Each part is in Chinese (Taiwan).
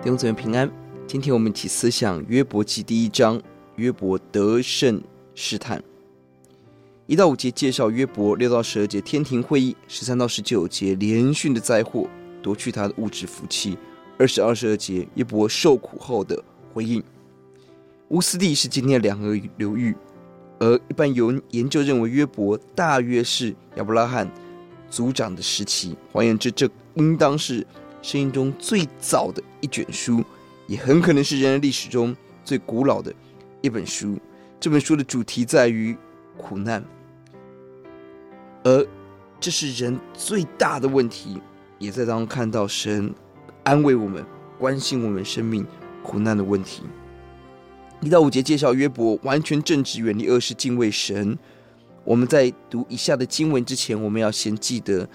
弟兄姊妹平安，今天我們一起思想約伯記第一章，約伯得勝試探，一到五節介紹約伯，六到十二節天庭會議，十三到十九節連續的災禍奪去他的物質福氣，二十二十二節約伯受苦後的回應。烏斯地是今天的兩河流域，而一般有研究認為約伯大約是亞伯拉罕族長的時期，換言之，這應當是聖經中最早的一卷書，也很可能是人類歷史中最古老的一本書。這本書的主題在於苦難，而這是人最大的問題。也在當中看到神安慰我們、關心我們生命苦難的問題。一到五節介紹約伯完全正直、遠離惡事、敬畏神。我們在讀以下的經文之前，我們要先記得。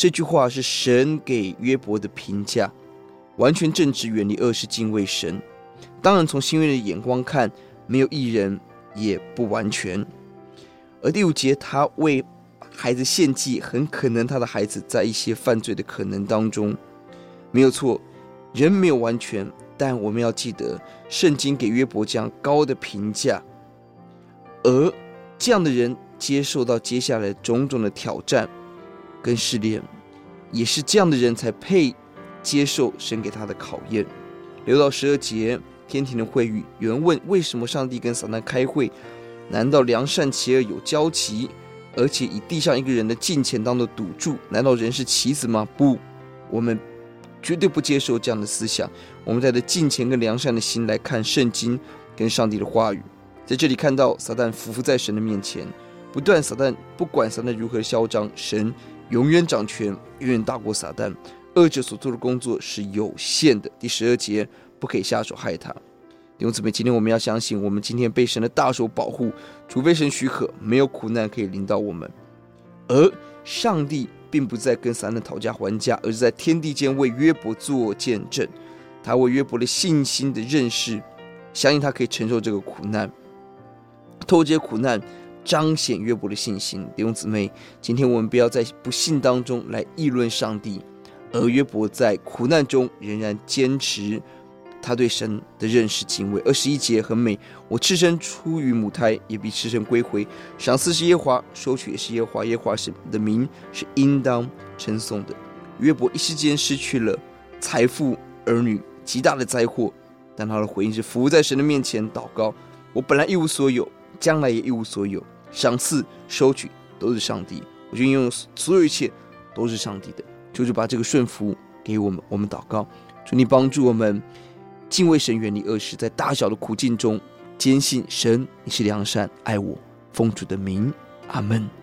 這句話是神給約伯的評價，完全正直，遠離惡事，敬畏神。當然，從新約的眼光看，沒有一人也不完全。而第五節，他為孩子獻祭，很可能他的孩子在一些犯罪的可能當中，沒有錯，人沒有完全。但我們要記得，聖經給約伯這樣高的評價，而這樣的人接受到接下來種種的挑戰跟試煉，也是這樣的人才配接受神給他的考驗。六到十二節天庭的會議，有人問為什麼上帝跟撒旦開會？難道良善邪惡有交集，而且以地上一個人的敬虔當做賭注？難道人是棋子嗎？不，我們絕對不接受這樣的思想。我們帶着敬虔跟良善的心來看聖經跟上帝的話語。在這裡看到撒旦匍匐在神的面前，不斷撒旦不管撒旦如何囂張，神。永遠掌權，永遠大過撒旦，惡者所做的工作是有限的。第十二節，不可以下手害他。弟兄姊妹，今天我們要相信，我們今天被神的大手保護，除非神許可，沒有苦難可以臨到我們。而上帝並不在跟撒旦討價還價，而是在天地間為約伯做見證，他為約伯的信心的認識，相信他可以承受這個苦難，透過這些苦難。彰顯約伯的信心，弟兄姊妹，今天我們不要在不幸當中來議論上帝，而約伯在苦難中仍然堅持他對神的認識敬畏。二十一節很美，我赤身出於母胎，也必赤身歸回；賞賜是耶和華，收取也是耶和華，耶和華神的名是應當稱頌的。約伯一時間失去了財富、兒女，極大的災禍，但他的回應是伏在神的面前禱告：“我本來一無所有。”將來也一無所有，賞賜收取都是上帝。我願意用所有一切，都是上帝的。就是把這個順服給我們。我們禱告，求你幫助我們敬畏神，遠離惡事，在大小的苦境中堅信神，你是良善，愛我，奉主的名，阿門。